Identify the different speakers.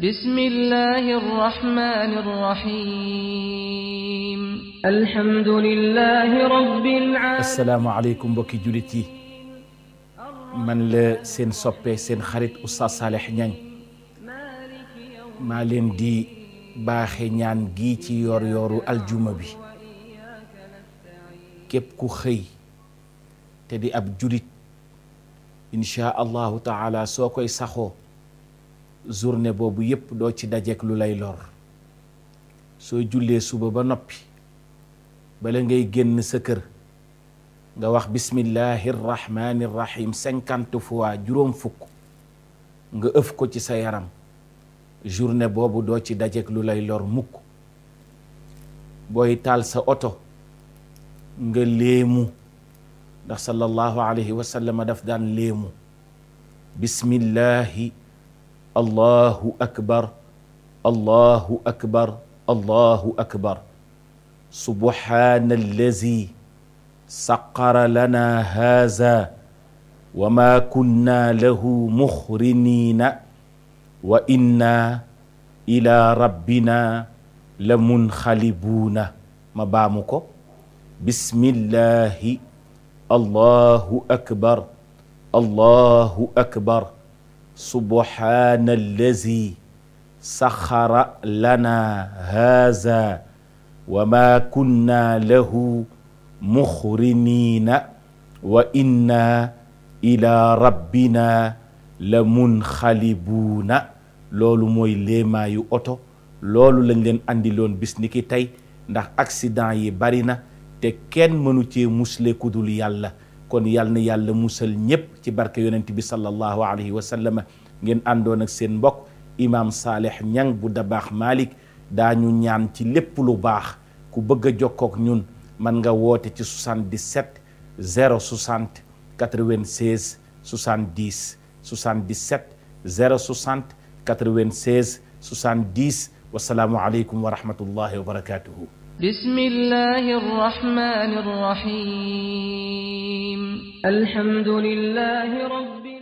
Speaker 1: بسم الله الرحمن الرحيم alhamdulillahi rabbil aalamiin asalaamaaleykum mbokki jullit yi man la seen soppe seen xarit Oustaz Saliou Niang maa leen di baaxe ñaan gi ci yoor yooru aljuma bi képp ku xëy te di ab jullit inchaa allahu taala soo koy saxoo journée boobu yépp doo ci dajeek lu lay lor soo jullee suba ba noppi bala ngay génn sa kër nga wax bismillahi rrahmani rrahim fois juróom fukk nga ëf ko ci sa yaram journée boobu doo ci dajeek lu lay lor mukk booy taal sa oto nga léemu ndax sallallahu alayhi wa sallam daf daan léemu bismillahi allahu akbar allahu akbar allahu akbar subhaana allazi saqara lana haaza wa maa kunna lahu muxriniina wa inna ila rabbina la munxalibuuna ma baamu ko bismillahi allahu akbar allahu akbar subhaana allazi saxara lana haaza wa maa kunna lahu muxriniina wa inna ila rabbina la munxalibuuna loolu mooy léemaayu oto loolu lañ leen andiloon bis ni ki ndax accident yi bari na te kenn mënu cee musle ku dul yàlla kon yal na yàlla musal ñëpp ci barke yonent bi sallallahu alayhi wa sallam ngeen àndoon ak seen mbokk imam Saleh Niang bu Dabaax Malick daañu ñaan ci lépp lu baax ku bëgg a jokkook ñun mën nga woote ci 77 060 96 70 77 060 96 70 wasalaamualeykum wa rahmatullahi wa barakatuhu بسم الله الرحمن الرحيم الحمد لله رب